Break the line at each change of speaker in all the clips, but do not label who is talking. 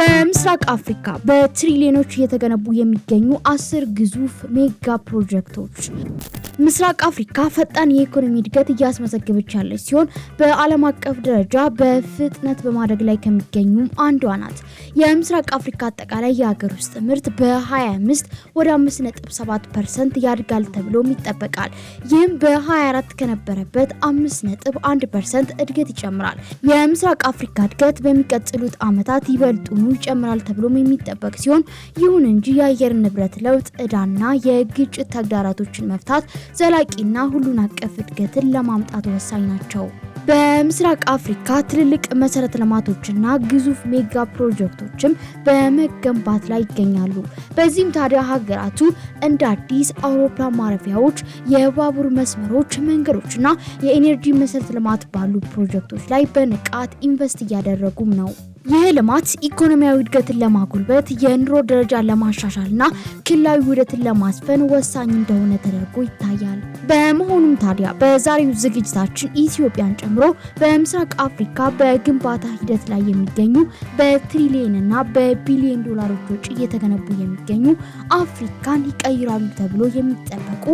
በምስራቅ አፍሪካ በትሪሊዮኖች እየተገነቡ የሚገኙ አስር ግዙፍ ሜጋ ፕሮጀክቶች ምስራቅ አፍሪካ ፈጣን የኢኮኖሚ እድገት እያስመዘገበች ያለች ሲሆን በዓለም አቀፍ ደረጃ በፍጥነት በማደግ ላይ ከሚገኙም አንዷ ናት። የምስራቅ አፍሪካ አጠቃላይ የሀገር ውስጥ ምርት በ25 ወደ 5.7 ፐርሰንት ያድጋል ተብሎም ይጠበቃል። ይህም በ24 ከነበረበት 5.1 ፐርሰንት እድገት ይጨምራል። የምስራቅ አፍሪካ እድገት በሚቀጥሉት ዓመታት ይበልጡኑ ይጨምራል ተብሎም የሚጠበቅ ሲሆን ይሁን እንጂ የአየር ንብረት ለውጥ፣ እዳና የግጭት ተግዳራቶችን መፍታት ዘላቂና ሁሉን አቀፍ እድገትን ለማምጣት ወሳኝ ናቸው። በምስራቅ አፍሪካ ትልልቅ መሰረተ ልማቶችና ግዙፍ ሜጋ ፕሮጀክቶችም በመገንባት ላይ ይገኛሉ። በዚህም ታዲያ ሀገራቱ እንደ አዲስ አውሮፕላን ማረፊያዎች፣ የባቡር መስመሮች፣ መንገዶችና የኤኔርጂ መሰረተ ልማት ባሉ ፕሮጀክቶች ላይ በንቃት ኢንቨስት እያደረጉም ነው። ይህ ልማት ኢኮኖሚያዊ እድገትን ለማጉልበት የኑሮ ደረጃን ለማሻሻልና ክልላዊ ውህደትን ለማስፈን ወሳኝ እንደሆነ ተደርጎ ይታያል። በመሆኑም ታዲያ በዛሬው ዝግጅታችን ኢትዮጵያን ጨምሮ በምስራቅ አፍሪካ በግንባታ ሂደት ላይ የሚገኙ በትሪሊየንና በቢሊየን ዶላሮች ወጪ እየተገነቡ የሚገኙ አፍሪካን ይቀይራሉ ተብሎ የሚጠበቁ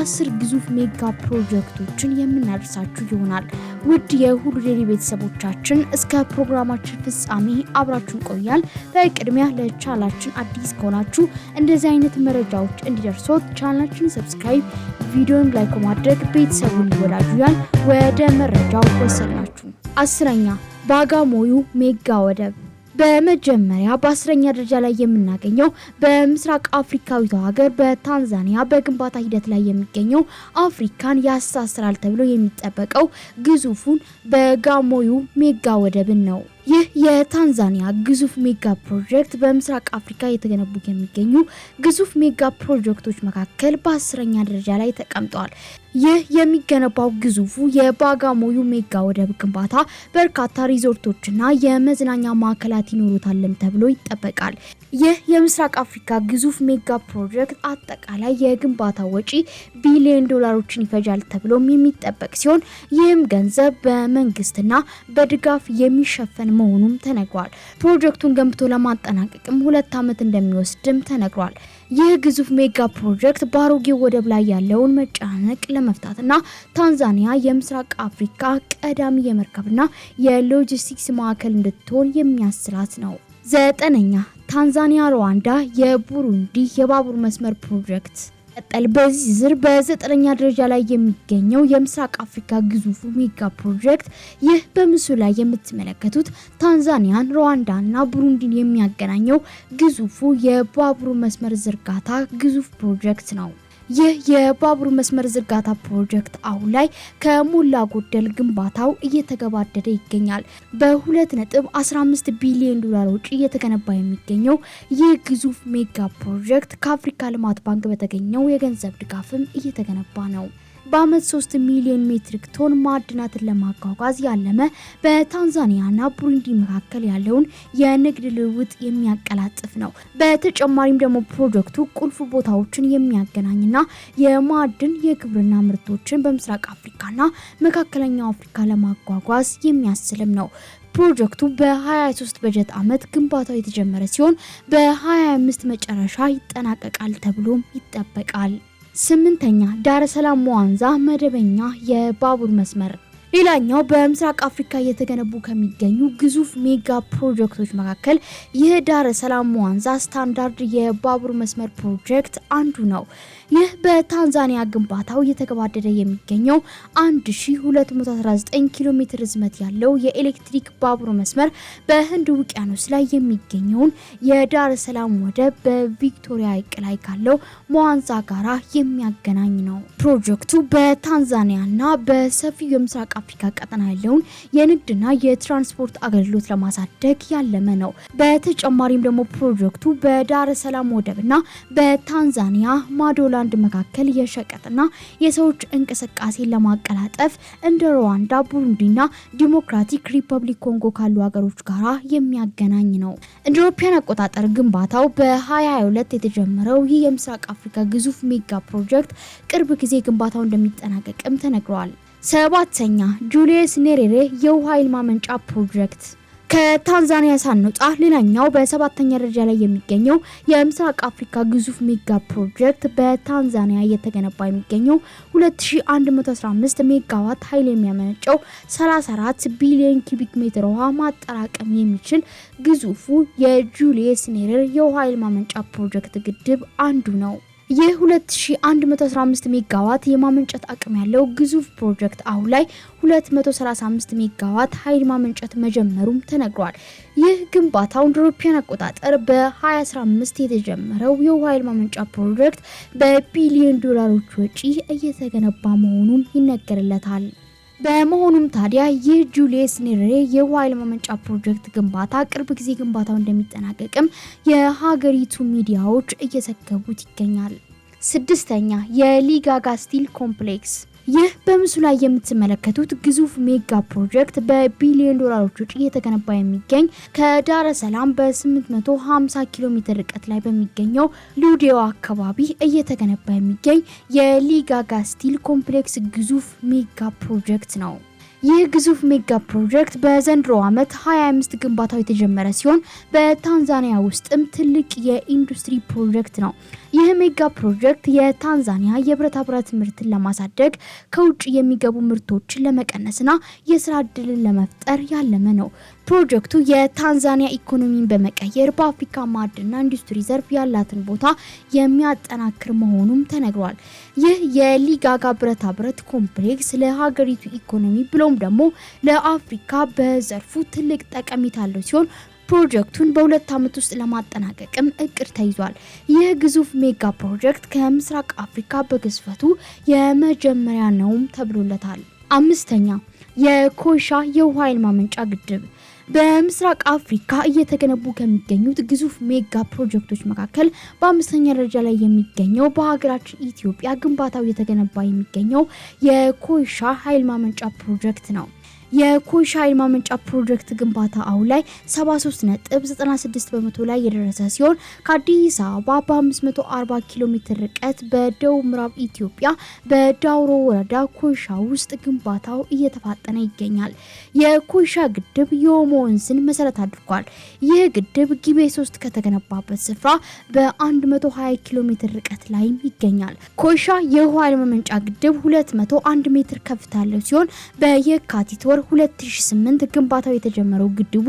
አስር ግዙፍ ሜጋ ፕሮጀክቶችን የምናደርሳችሁ ይሆናል። ውድ የሁሉ ዴይሊ ቤተሰቦቻችን እስከ ፕሮግራማችን ፍጻ ፍጻሜ አብራችሁን ቆያል። በቅድሚያ ለቻናላችን አዲስ ከሆናችሁ እንደዚህ አይነት መረጃዎች እንዲደርሶት ቻናላችን ሰብስክራይብ፣ ቪዲዮን ላይክ በማድረግ ቤተሰቡን ይወዳጁያል። ወደ መረጃው ወሰናችሁ። አስረኛ ባጋሞዩ ሜጋ ወደብ በመጀመሪያ በአስረኛ ደረጃ ላይ የምናገኘው በምስራቅ አፍሪካዊቷ ሀገር በታንዛኒያ በግንባታ ሂደት ላይ የሚገኘው አፍሪካን ያሳስራል ተብሎ የሚጠበቀው ግዙፉን በጋሞዩ ሜጋ ወደብን ነው። ይህ የታንዛኒያ ግዙፍ ሜጋ ፕሮጀክት በምስራቅ አፍሪካ የተገነቡ ከሚገኙ ግዙፍ ሜጋ ፕሮጀክቶች መካከል በአስረኛ ደረጃ ላይ ተቀምጠዋል። ይህ የሚገነባው ግዙፉ የባጋሞዩ ሜጋ ወደብ ግንባታ በርካታ ሪዞርቶችና የመዝናኛ ማዕከላት ይኖሩታልም ተብሎ ይጠበቃል። ይህ የምስራቅ አፍሪካ ግዙፍ ሜጋ ፕሮጀክት አጠቃላይ የግንባታ ወጪ ቢሊዮን ዶላሮችን ይፈጃል ተብሎም የሚጠበቅ ሲሆን ይህም ገንዘብ በመንግስትና በድጋፍ የሚሸፈን መሆኑም ተነግሯል። ፕሮጀክቱን ገንብቶ ለማጠናቀቅም ሁለት ዓመት እንደሚወስድም ተነግሯል። ይህ ግዙፍ ሜጋ ፕሮጀክት በአሮጌው ወደብ ላይ ያለውን መጨናነቅ ለመፍታትና ታንዛኒያ የምስራቅ አፍሪካ ቀዳሚ የመርከብና የሎጂስቲክስ ማዕከል እንድትሆን የሚያስችላት ነው። ዘጠነኛ ታንዛኒያ ሩዋንዳ የቡሩንዲ የባቡር መስመር ፕሮጀክት በመቀጠል በዚህ ዝር በዘጠነኛ ደረጃ ላይ የሚገኘው የምስራቅ አፍሪካ ግዙፉ ሜጋ ፕሮጀክት ይህ በምስሉ ላይ የምትመለከቱት ታንዛኒያን፣ እና ቡሩንዲን የሚያገናኘው ግዙፉ የባቡር መስመር ዝርጋታ ግዙፍ ፕሮጀክት ነው። ይህ የባቡር መስመር ዝርጋታ ፕሮጀክት አሁን ላይ ከሞላ ጎደል ግንባታው እየተገባደደ ይገኛል። በ2.15 ቢሊዮን ዶላር ውጪ እየተገነባ የሚገኘው ይህ ግዙፍ ሜጋ ፕሮጀክት ከአፍሪካ ልማት ባንክ በተገኘው የገንዘብ ድጋፍም እየተገነባ ነው። በአመት 3 ሚሊዮን ሜትሪክ ቶን ማዕድናትን ለማጓጓዝ ያለመ በታንዛኒያና ቡሩንዲ መካከል ያለውን የንግድ ልውውጥ የሚያቀላጥፍ ነው። በተጨማሪም ደግሞ ፕሮጀክቱ ቁልፍ ቦታዎችን የሚያገናኝና የማዕድን የግብርና ምርቶችን በምስራቅ አፍሪካና መካከለኛው አፍሪካ ለማጓጓዝ የሚያስልም ነው። ፕሮጀክቱ በ23 በጀት ዓመት ግንባታው የተጀመረ ሲሆን በ25 መጨረሻ ይጠናቀቃል ተብሎም ይጠበቃል። ስምንተኛ ዳረ ሰላም መዋንዛ መደበኛ የባቡር መስመር ሌላኛው በምስራቅ አፍሪካ እየተገነቡ ከሚገኙ ግዙፍ ሜጋ ፕሮጀክቶች መካከል ይህ ዳረ ሰላም መዋንዛ ስታንዳርድ የባቡር መስመር ፕሮጀክት አንዱ ነው። ይህ በታንዛኒያ ግንባታው እየተገባደደ የሚገኘው 1219 ኪሎ ሜትር ርዝመት ያለው የኤሌክትሪክ ባቡር መስመር በህንድ ውቅያኖስ ላይ የሚገኘውን የዳር ሰላም ወደብ በቪክቶሪያ ሐይቅ ላይ ካለው መዋንዛ ጋራ የሚያገናኝ ነው። ፕሮጀክቱ በታንዛኒያና በሰፊው የምስራቅ አፍሪካ ቀጠና ያለውን የንግድና የትራንስፖርት አገልግሎት ለማሳደግ ያለመ ነው። በተጨማሪም ደግሞ ፕሮጀክቱ በዳር ሰላም ወደብና በታንዛኒያ ማዶላ በአይላንድ መካከል የሸቀጥና የሰዎች እንቅስቃሴን ለማቀላጠፍ እንደ ሩዋንዳ፣ ቡሩንዲና ዲሞክራቲክ ሪፐብሊክ ኮንጎ ካሉ ሀገሮች ጋራ የሚያገናኝ ነው። እንደ አውሮፓውያን አቆጣጠር ግንባታው በ2022 የተጀመረው ይህ የምስራቅ አፍሪካ ግዙፍ ሜጋ ፕሮጀክት ቅርብ ጊዜ ግንባታው እንደሚጠናቀቅም ተነግሯል። ሰባተኛ ጁልየስ ኔሬሬ የውሃ ኃይል ማመንጫ ፕሮጀክት ከታንዛኒያ ሳንወጣ ሌላኛው በሰባተኛ ደረጃ ላይ የሚገኘው የምስራቅ አፍሪካ ግዙፍ ሜጋ ፕሮጀክት በታንዛኒያ እየተገነባ የሚገኘው 2115 ሜጋዋት ኃይል የሚያመነጨው 34 ቢሊዮን ኪቢክ ሜትር ውሃ ማጠራቀም የሚችል ግዙፉ የጁሊየስ ኔረር የውሃ ኃይል ማመንጫ ፕሮጀክት ግድብ አንዱ ነው። የ2115 ሜጋዋት የማመንጨት አቅም ያለው ግዙፍ ፕሮጀክት አሁን ላይ 235 ሜጋዋት ኃይል ማመንጨት መጀመሩም ተነግሯል። ይህ ግንባታው እንደ አውሮፓውያን አቆጣጠር በ2015 የተጀመረው የውሃ ኃይል ማመንጫ ፕሮጀክት በቢሊዮን ዶላሮች ወጪ እየተገነባ መሆኑም ይነገርለታል። በመሆኑም ታዲያ ይህ ጁልየስ ኒሬ የውሃ ኃይል ማመንጫ ፕሮጀክት ግንባታ ቅርብ ጊዜ ግንባታው እንደሚጠናቀቅም የሀገሪቱ ሚዲያዎች እየዘገቡት ይገኛል። ስድስተኛ የሊጋጋ ስቲል ኮምፕሌክስ ይህ በምስሉ ላይ የምትመለከቱት ግዙፍ ሜጋ ፕሮጀክት በቢሊዮን ዶላሮች ውጭ እየተገነባ የሚገኝ ከዳረ ሰላም በ850 ኪሎ ሜትር ርቀት ላይ በሚገኘው ሉዲዮ አካባቢ እየተገነባ የሚገኝ የሊጋጋ ስቲል ኮምፕሌክስ ግዙፍ ሜጋ ፕሮጀክት ነው። ይህ ግዙፍ ሜጋ ፕሮጀክት በዘንድሮ ዓመት 25 ግንባታው የተጀመረ ሲሆን በታንዛኒያ ውስጥም ትልቅ የኢንዱስትሪ ፕሮጀክት ነው። ይህ ሜጋ ፕሮጀክት የታንዛኒያ የብረታ ብረት ምርትን ለማሳደግ ከውጭ የሚገቡ ምርቶችን ለመቀነስና የስራ እድልን ለመፍጠር ያለመ ነው። ፕሮጀክቱ የታንዛኒያ ኢኮኖሚን በመቀየር በአፍሪካ ማዕድና ኢንዱስትሪ ዘርፍ ያላትን ቦታ የሚያጠናክር መሆኑም ተነግሯል። ይህ የሊጋጋ ብረታ ብረት ኮምፕሌክስ ለሀገሪቱ ኢኮኖሚ ብሎም ደግሞ ለአፍሪካ በዘርፉ ትልቅ ጠቀሜታ ያለው ሲሆን ፕሮጀክቱን በሁለት ዓመት ውስጥ ለማጠናቀቅም እቅድ ተይዟል። ይህ ግዙፍ ሜጋ ፕሮጀክት ከምስራቅ አፍሪካ በግዝፈቱ የመጀመሪያ ነውም ተብሎለታል። አምስተኛ የኮይሻ የውሃ ኃይል ማመንጫ ግድብ በምስራቅ አፍሪካ እየተገነቡ ከሚገኙት ግዙፍ ሜጋ ፕሮጀክቶች መካከል በአምስተኛ ደረጃ ላይ የሚገኘው በሀገራችን ኢትዮጵያ ግንባታው እየተገነባ የሚገኘው የኮይሻ ኃይል ማመንጫ ፕሮጀክት ነው። የኮሻ ኃይል ማመንጫ ፕሮጀክት ግንባታ አሁን ላይ 73.96 በመቶ ላይ የደረሰ ሲሆን ከአዲስ አበባ በ540 ኪሎ ሜትር ርቀት በደቡብ ምዕራብ ኢትዮጵያ በዳውሮ ወረዳ ኮሻ ውስጥ ግንባታው እየተፋጠነ ይገኛል። የኮሻ ግድብ የኦሞ ወንዝን መሰረት አድርጓል። ይህ ግድብ ጊቤ 3 ከተገነባበት ስፍራ በ120 ኪሎ ሜትር ርቀት ላይም ይገኛል። ኮይሻ የውሃ ኃይል ማመንጫ ግድብ 201 ሜትር ከፍታ ያለው ሲሆን በየካቲት ወር ህዳር 2008 ግንባታው የተጀመረው ግድቡ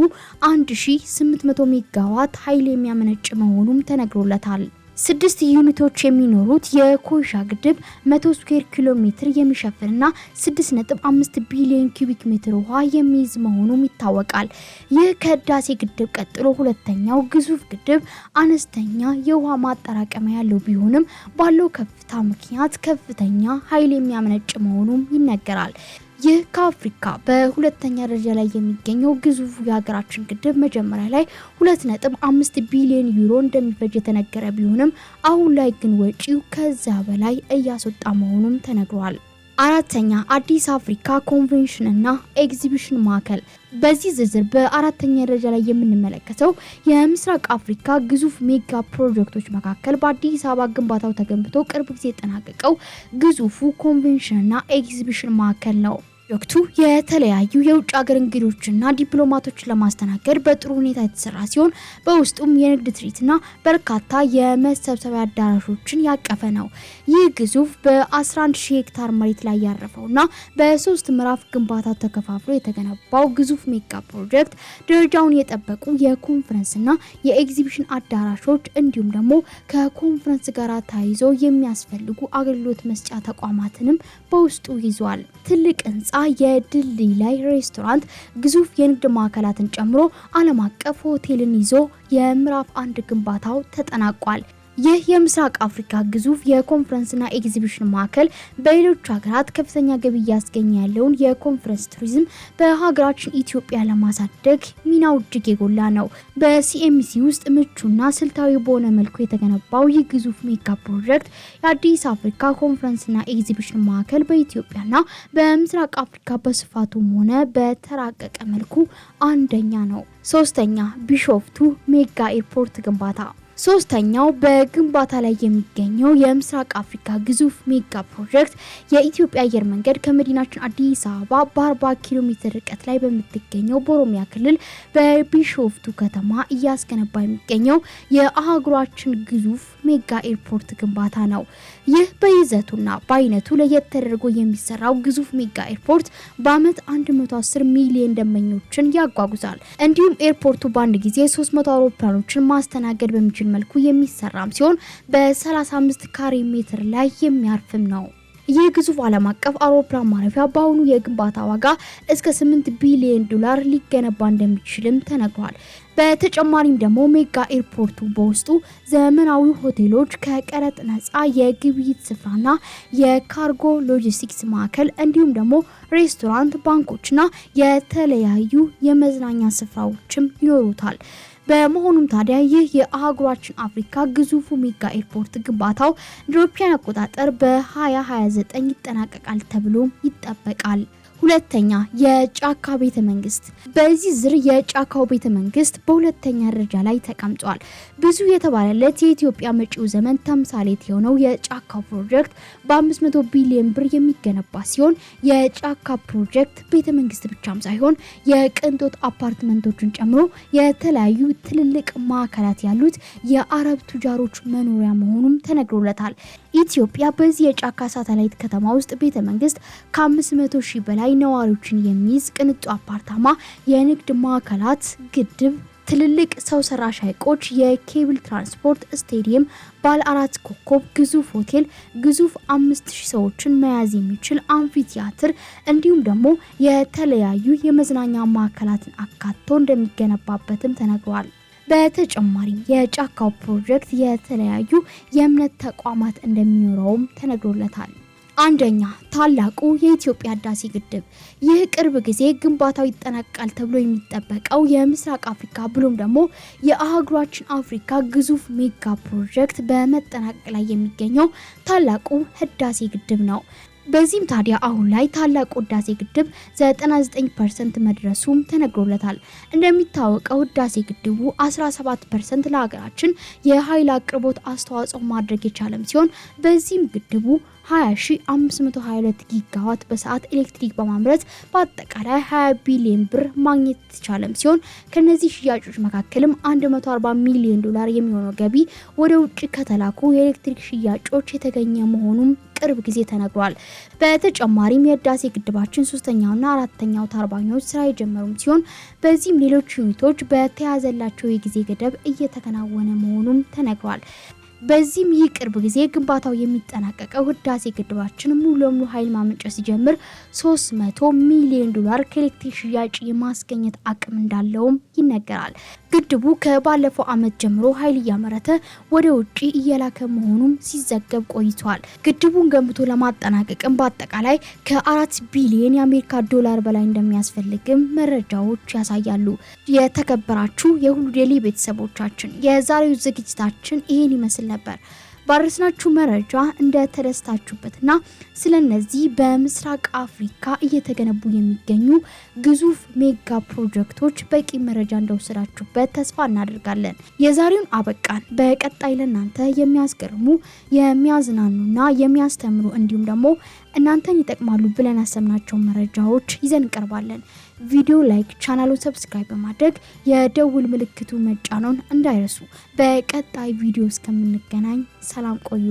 1800 ሜጋዋት ኃይል የሚያመነጭ መሆኑም ተነግሮለታል። ስድስት ዩኒቶች የሚኖሩት የኮይሻ ግድብ 100 ስኩዌር ኪሎ ሜትር የሚሸፍንና 6.5 ቢሊዮን ኪዩቢክ ሜትር ውሃ የሚይዝ መሆኑም ይታወቃል። ይህ ከህዳሴ ግድብ ቀጥሎ ሁለተኛው ግዙፍ ግድብ አነስተኛ የውሃ ማጠራቀሚያ ያለው ቢሆንም ባለው ከፍታ ምክንያት ከፍተኛ ኃይል የሚያመነጭ መሆኑም ይነገራል። ይህ ከአፍሪካ በሁለተኛ ደረጃ ላይ የሚገኘው ግዙፉ የሀገራችን ግድብ መጀመሪያ ላይ ሁለት ነጥብ አምስት ቢሊዮን ዩሮ እንደሚፈጅ የተነገረ ቢሆንም አሁን ላይ ግን ወጪው ከዚያ በላይ እያስወጣ መሆኑም ተነግሯል። አራተኛ አዲስ አፍሪካ ኮንቬንሽን እና ኤግዚቢሽን ማዕከል። በዚህ ዝርዝር በአራተኛ ደረጃ ላይ የምንመለከተው የምስራቅ አፍሪካ ግዙፍ ሜጋ ፕሮጀክቶች መካከል በአዲስ አበባ ግንባታው ተገንብቶ ቅርብ ጊዜ የጠናቀቀው ግዙፉ ኮንቬንሽን እና ኤግዚቢሽን ማዕከል ነው። ወቅቱ የተለያዩ የውጭ ሀገር እንግዶችና ዲፕሎማቶች ለማስተናገድ በጥሩ ሁኔታ የተሰራ ሲሆን በውስጡም የንግድ ትርኢትና በርካታ የመሰብሰቢያ አዳራሾችን ያቀፈ ነው። ይህ ግዙፍ በ11 ሺህ ሄክታር መሬት ላይ ያረፈውና በሶስት ምዕራፍ ግንባታ ተከፋፍሎ የተገነባው ግዙፍ ሜጋ ፕሮጀክት ደረጃውን የጠበቁ የኮንፈረንስና የኤግዚቢሽን አዳራሾች እንዲሁም ደግሞ ከኮንፈረንስ ጋር ተያይዞ የሚያስፈልጉ አገልግሎት መስጫ ተቋማትንም በውስጡ ይዟል። ትልቅ ህንጻ የድልድይ ላይ ሬስቶራንት ግዙፍ የንግድ ማዕከላትን ጨምሮ ዓለም አቀፍ ሆቴልን ይዞ የምዕራፍ አንድ ግንባታው ተጠናቋል። ይህ የምስራቅ አፍሪካ ግዙፍ የኮንፈረንስና ኤግዚቢሽን ማዕከል በሌሎች ሀገራት ከፍተኛ ገቢ እያስገኘ ያለውን የኮንፈረንስ ቱሪዝም በሀገራችን ኢትዮጵያ ለማሳደግ ሚናው እጅግ የጎላ ነው። በሲኤምሲ ውስጥ ምቹና ስልታዊ በሆነ መልኩ የተገነባው ይህ ግዙፍ ሜጋ ፕሮጀክት የአዲስ አፍሪካ ኮንፈረንስና ኤግዚቢሽን ማዕከል በኢትዮጵያና በምስራቅ አፍሪካ በስፋቱም ሆነ በተራቀቀ መልኩ አንደኛ ነው። ሶስተኛ ቢሾፍቱ ሜጋ ኤርፖርት ግንባታ ሶስተኛው በግንባታ ላይ የሚገኘው የምስራቅ አፍሪካ ግዙፍ ሜጋ ፕሮጀክት የኢትዮጵያ አየር መንገድ ከመዲናችን አዲስ አበባ በ40 ኪሎ ሜትር ርቀት ላይ በምትገኘው በኦሮሚያ ክልል በቢሾፍቱ ከተማ እያስገነባ የሚገኘው የአህጉራችን ግዙፍ ሜጋ ኤርፖርት ግንባታ ነው። ይህ በይዘቱና በአይነቱ ለየት ተደርጎ የሚሰራው ግዙፍ ሜጋ ኤርፖርት በአመት 110 ሚሊዮን ደንበኞችን ያጓጉዛል። እንዲሁም ኤርፖርቱ በአንድ ጊዜ 300 አውሮፕላኖችን ማስተናገድ በሚችል መልኩ የሚሰራም ሲሆን በ35 ካሬ ሜትር ላይ የሚያርፍም ነው። ይህ ግዙፍ ዓለም አቀፍ አውሮፕላን ማረፊያ በአሁኑ የግንባታ ዋጋ እስከ 8 ቢሊዮን ዶላር ሊገነባ እንደሚችልም ተነግሯል። በተጨማሪም ደግሞ ሜጋ ኤርፖርቱ በውስጡ ዘመናዊ ሆቴሎች፣ ከቀረጥ ነጻ የግብይት ስፍራና የካርጎ ሎጂስቲክስ ማዕከል እንዲሁም ደግሞ ሬስቶራንት፣ ባንኮችና የተለያዩ የመዝናኛ ስፍራዎችም ይኖሩታል። በመሆኑም ታዲያ ይህ የአህጉራችን አፍሪካ ግዙፉ ሜጋ ኤርፖርት ግንባታው እንደ አውሮፓውያን አቆጣጠር በ2029 ይጠናቀቃል ተብሎ ይጠበቃል። ሁለተኛ የጫካ ቤተ መንግስት። በዚህ ዝር የጫካው ቤተ መንግስት በሁለተኛ ደረጃ ላይ ተቀምጧል። ብዙ የተባለለት የኢትዮጵያ መጪው ዘመን ተምሳሌት የሆነው የጫካ ፕሮጀክት በ500 ቢሊዮን ብር የሚገነባ ሲሆን የጫካ ፕሮጀክት ቤተ መንግስት ብቻም ሳይሆን የቅንጦት አፓርትመንቶችን ጨምሮ የተለያዩ ትልልቅ ማዕከላት ያሉት የአረብ ቱጃሮች መኖሪያ መሆኑም ተነግሮለታል። ኢትዮጵያ በዚህ የጫካ ሳተላይት ከተማ ውስጥ ቤተ መንግስት ከ500 ሺህ በላይ በላይ ነዋሪዎችን የሚይዝ ቅንጡ አፓርታማ፣ የንግድ ማዕከላት፣ ግድብ ትልልቅ ሰው ሰራሽ ሐይቆች፣ የኬብል ትራንስፖርት፣ ስቴዲየም፣ ባለ አራት ኮከብ፣ ግዙፍ ሆቴል፣ ግዙፍ አምስት ሺህ ሰዎችን መያዝ የሚችል አምፊ ቲያትር እንዲሁም ደግሞ የተለያዩ የመዝናኛ ማዕከላትን አካቶ እንደሚገነባበትም ተነግሯል። በተጨማሪም የጫካው ፕሮጀክት የተለያዩ የእምነት ተቋማት እንደሚኖረውም ተነግሮለታል። አንደኛ ታላቁ የኢትዮጵያ ህዳሴ ግድብ። ይህ ቅርብ ጊዜ ግንባታው ይጠናቀቃል ተብሎ የሚጠበቀው የምስራቅ አፍሪካ ብሎም ደግሞ የአህጉራችን አፍሪካ ግዙፍ ሜጋ ፕሮጀክት በመጠናቀቅ ላይ የሚገኘው ታላቁ ህዳሴ ግድብ ነው። በዚህም ታዲያ አሁን ላይ ታላቁ ህዳሴ ግድብ 99 መድረሱም ተነግሮለታል። እንደሚታወቀው ህዳሴ ግድቡ 17 ለሀገራችን የኃይል አቅርቦት አስተዋጽኦ ማድረግ የቻለም ሲሆን በዚህም ግድቡ 20522 ጊጋዋት በሰዓት ኤሌክትሪክ በማምረት በአጠቃላይ 20 ቢሊዮን ብር ማግኘት የተቻለም ሲሆን ከነዚህ ሽያጮች መካከልም 140 ሚሊዮን ዶላር የሚሆነው ገቢ ወደ ውጭ ከተላኩ የኤሌክትሪክ ሽያጮች የተገኘ መሆኑም ቅርብ ጊዜ ተነግሯል። በተጨማሪም የህዳሴ ግድባችን ሶስተኛውና አራተኛው ታርባኞች ስራ የጀመሩም ሲሆን በዚህም ሌሎች ዩኒቶች በተያዘላቸው የጊዜ ገደብ እየተከናወነ መሆኑም ተነግሯል። በዚህም ይህ ቅርብ ጊዜ ግንባታው የሚጠናቀቀው ህዳሴ ግድባችን ሙሉ ለሙሉ ኃይል ማመንጨት ሲጀምር 300 ሚሊዮን ዶላር ከኤሌክትሪክ ሽያጭ የማስገኘት አቅም እንዳለውም ይነገራል። ግድቡ ከባለፈው ዓመት ጀምሮ ኃይል እያመረተ ወደ ውጭ እየላከ መሆኑም ሲዘገብ ቆይቷል። ግድቡን ገንብቶ ለማጠናቀቅም በአጠቃላይ ከ ከ4 ቢሊዮን የአሜሪካ ዶላር በላይ እንደሚያስፈልግም መረጃዎች ያሳያሉ። የተከበራችሁ የሁሉ ዴይሊ ቤተሰቦቻችን የዛሬው ዝግጅታችን ይህን ይመስላል። ነበር። ባረስናችሁ መረጃ እንደተደስታችሁበትና ስለ እነዚህ በምስራቅ አፍሪካ እየተገነቡ የሚገኙ ግዙፍ ሜጋ ፕሮጀክቶች በቂ መረጃ እንደወሰዳችሁበት ተስፋ እናደርጋለን። የዛሬውን አበቃን። በቀጣይ ለእናንተ የሚያስገርሙ የሚያዝናኑና የሚያስተምሩ እንዲሁም ደግሞ እናንተን ይጠቅማሉ ብለን ያሰብናቸውን መረጃዎች ይዘን እንቀርባለን። ቪዲዮ ላይክ፣ ቻናሉን ሰብስክራይብ በማድረግ የደውል ምልክቱ መጫኖን እንዳይረሱ። በቀጣይ ቪዲዮ እስከምንገናኝ ሰላም ቆዩ።